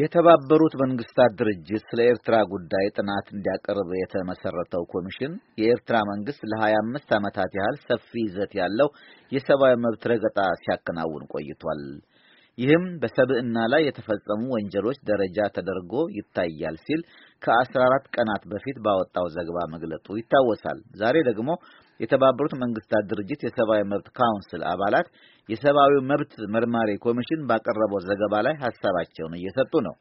የተባበሩት መንግስታት ድርጅት ስለ ኤርትራ ጉዳይ ጥናት እንዲያቀርብ የተመሰረተው ኮሚሽን የኤርትራ መንግስት ለ25 ዓመታት ያህል ሰፊ ይዘት ያለው የሰብአዊ መብት ረገጣ ሲያከናውን ቆይቷል። ይህም በሰብዕና ላይ የተፈጸሙ ወንጀሎች ደረጃ ተደርጎ ይታያል ሲል ከ14 ቀናት በፊት ባወጣው ዘገባ መግለጡ ይታወሳል። ዛሬ ደግሞ የተባበሩት መንግስታት ድርጅት የሰብአዊ መብት ካውንስል አባላት የሰብአዊ መብት መርማሪ ኮሚሽን ባቀረበው ዘገባ ላይ ሀሳባቸውን እየሰጡ ነው።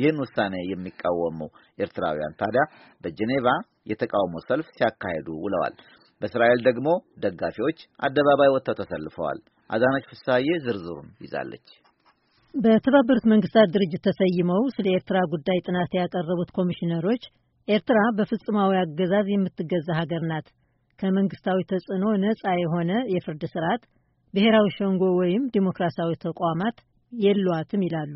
ይህን ውሳኔ የሚቃወሙ ኤርትራውያን ታዲያ በጄኔቫ የተቃውሞ ሰልፍ ሲያካሂዱ ውለዋል። በእስራኤል ደግሞ ደጋፊዎች አደባባይ ወጥተው ተሰልፈዋል። አዳነች ፍሳዬ ዝርዝሩን ይዛለች። በተባበሩት መንግስታት ድርጅት ተሰይመው ስለ ኤርትራ ጉዳይ ጥናት ያቀረቡት ኮሚሽነሮች ኤርትራ በፍጹማዊ አገዛዝ የምትገዛ ሀገር ናት ከመንግስታዊ ተጽዕኖ ነጻ የሆነ የፍርድ ስርዓት፣ ብሔራዊ ሸንጎ ወይም ዲሞክራሲያዊ ተቋማት የሏትም ይላሉ።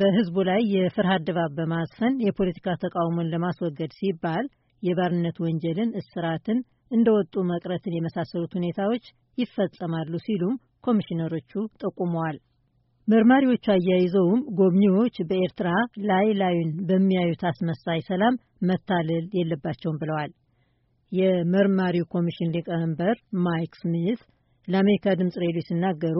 በህዝቡ ላይ የፍርሃት ድባብ በማስፈን የፖለቲካ ተቃውሞን ለማስወገድ ሲባል የባርነት ወንጀልን፣ እስራትን፣ እንደወጡ መቅረትን የመሳሰሉት ሁኔታዎች ይፈጸማሉ ሲሉም ኮሚሽነሮቹ ጠቁመዋል። መርማሪዎቹ አያይዘውም ጎብኚዎች በኤርትራ ላይ ላዩን በሚያዩት አስመሳይ ሰላም መታለል የለባቸውም ብለዋል። የመርማሪው ኮሚሽን ሊቀመንበር ማይክ ስሚዝ ለአሜሪካ ድምፅ ሬዲዮ ሲናገሩ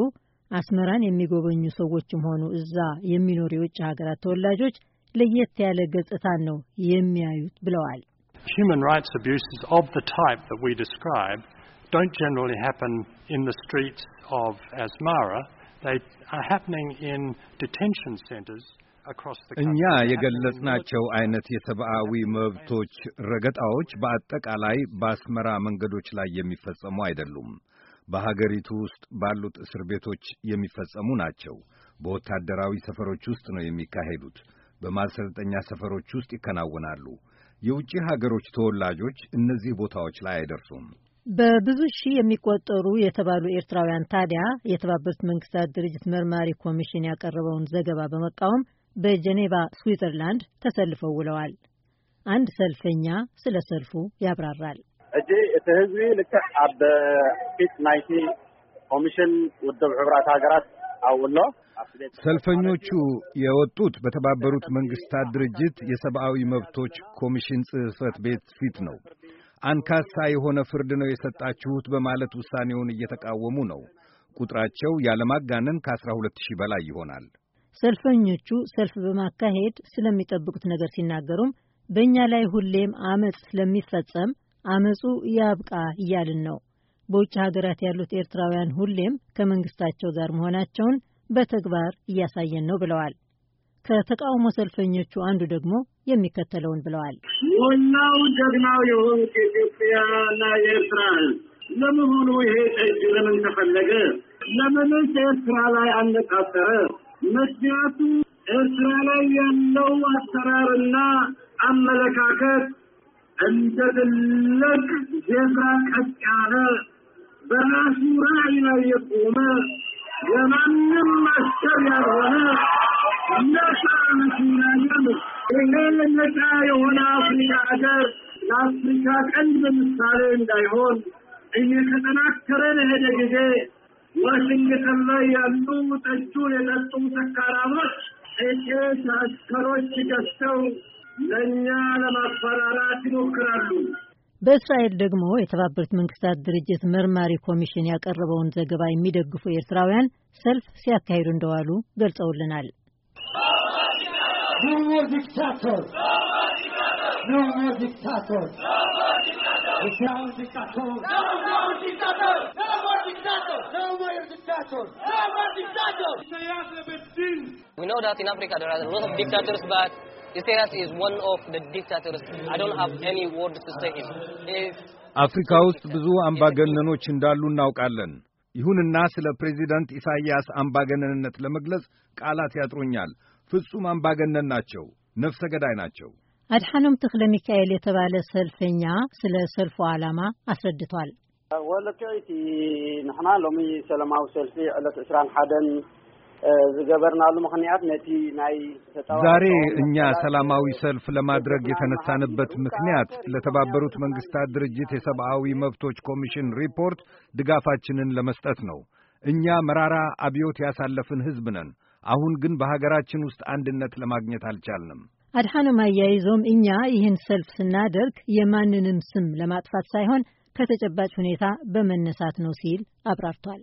አስመራን የሚጎበኙ ሰዎችም ሆኑ እዛ የሚኖሩ የውጭ ሀገራት ተወላጆች ለየት ያለ ገጽታን ነው የሚያዩት ብለዋል። Human rights abuses of the type that we describe don't generally happen in the streets of Asmara. They are happening in detention centers. እኛ የገለጽናቸው አይነት የሰብአዊ መብቶች ረገጣዎች በአጠቃላይ በአስመራ መንገዶች ላይ የሚፈጸሙ አይደሉም። በሀገሪቱ ውስጥ ባሉት እስር ቤቶች የሚፈጸሙ ናቸው። በወታደራዊ ሰፈሮች ውስጥ ነው የሚካሄዱት። በማሰልጠኛ ሰፈሮች ውስጥ ይከናወናሉ። የውጭ ሀገሮች ተወላጆች እነዚህ ቦታዎች ላይ አይደርሱም። በብዙ ሺህ የሚቆጠሩ የተባሉ ኤርትራውያን ታዲያ የተባበሩት መንግስታት ድርጅት መርማሪ ኮሚሽን ያቀረበውን ዘገባ በመቃወም በጀኔቫ ስዊዘርላንድ ተሰልፈው ውለዋል። አንድ ሰልፈኛ ስለ ሰልፉ ያብራራል። እጂ እቲ ህዝቢ ልክዕ ኣብ ፊት ናይቲ ኮሚሽን ውድብ ሕብራት ሃገራት ኣውሎ ሰልፈኞቹ የወጡት በተባበሩት መንግስታት ድርጅት የሰብአዊ መብቶች ኮሚሽን ጽህፈት ቤት ፊት ነው። አንካሳ የሆነ ፍርድ ነው የሰጣችሁት በማለት ውሳኔውን እየተቃወሙ ነው። ቁጥራቸው ያለማጋነን ከ ሁለት ሺህ በላይ ይሆናል። ሰልፈኞቹ ሰልፍ በማካሄድ ስለሚጠብቁት ነገር ሲናገሩም በእኛ ላይ ሁሌም አመፅ ስለሚፈጸም አመፁ ያብቃ እያልን ነው። በውጭ ሀገራት ያሉት ኤርትራውያን ሁሌም ከመንግስታቸው ጋር መሆናቸውን በተግባር እያሳየን ነው ብለዋል። ከተቃውሞ ሰልፈኞቹ አንዱ ደግሞ የሚከተለውን ብለዋል። ዋናው ጀግናው የሆኑት የኢትዮጵያና የኤርትራ ሕዝብ ለመሆኑ ይሄ ጠጅ ለምን ተፈለገ? ለምንስ ኤርትራ ላይ አነጣጠረ? ምክንያቱ ኤርትራ ላይ ያለው አሰራርና አመለካከት እንደ ትልቅ ዜብራ ቀጥ ያለ በራሱ ራዕይ ላይ የቆመ የማንም አስከር ያልሆነ ነፃ ናሽናሊዝም ይሄ ነፃ የሆነ አፍሪካ ሀገር ለአፍሪካ ቀንድ በምሳሌ እንዳይሆን እየተጠናከረ ለሄደ ጊዜ ዋሽንግተን ላይ ያሉ ጠጁን የጠጡ ሰካራሞች ጥቂት አስከሮች ገዝተው ለእኛ ለማፈራራት ይሞክራሉ። በእስራኤል ደግሞ የተባበሩት መንግስታት ድርጅት መርማሪ ኮሚሽን ያቀረበውን ዘገባ የሚደግፉ ኤርትራውያን ሰልፍ ሲያካሂዱ እንደዋሉ ገልጸውልናል። ዲክታቶር We know that in Africa there are a lot of dictators, but Isaias is one of the dictators. I don't have any words to say it. አፍሪካ ውስጥ ብዙ አምባገነኖች እንዳሉ እናውቃለን። ይሁንና ስለ ፕሬዚዳንት ኢሳይያስ አምባገነንነት ለመግለጽ ቃላት ያጥሩኛል። ፍጹም አምባገነን ናቸው፣ ነፍሰ ገዳይ ናቸው። አድሓኖም ተክለ ሚካኤል የተባለ ሰልፈኛ ስለ ሰልፉ ዓላማ አስረድቷል። ወለቶ ንሕና ሎሚ ሰላማዊ ሰልፊ ዕለት ዕስራን ሓደን ዝገበርናሉ ምክንያት ነቲ ናይ ዛሬ እኛ ሰላማዊ ሰልፍ ለማድረግ የተነሳንበት ምክንያት ለተባበሩት መንግስታት ድርጅት የሰብአዊ መብቶች ኮሚሽን ሪፖርት ድጋፋችንን ለመስጠት ነው። እኛ መራራ አብዮት ያሳለፍን ህዝብ ነን። አሁን ግን በሀገራችን ውስጥ አንድነት ለማግኘት አልቻልንም። አድሓኖም አያይዞም እኛ ይህን ሰልፍ ስናደርግ የማንንም ስም ለማጥፋት ሳይሆን ከተጨባጭ ሁኔታ በመነሳት ነው ሲል አብራርቷል።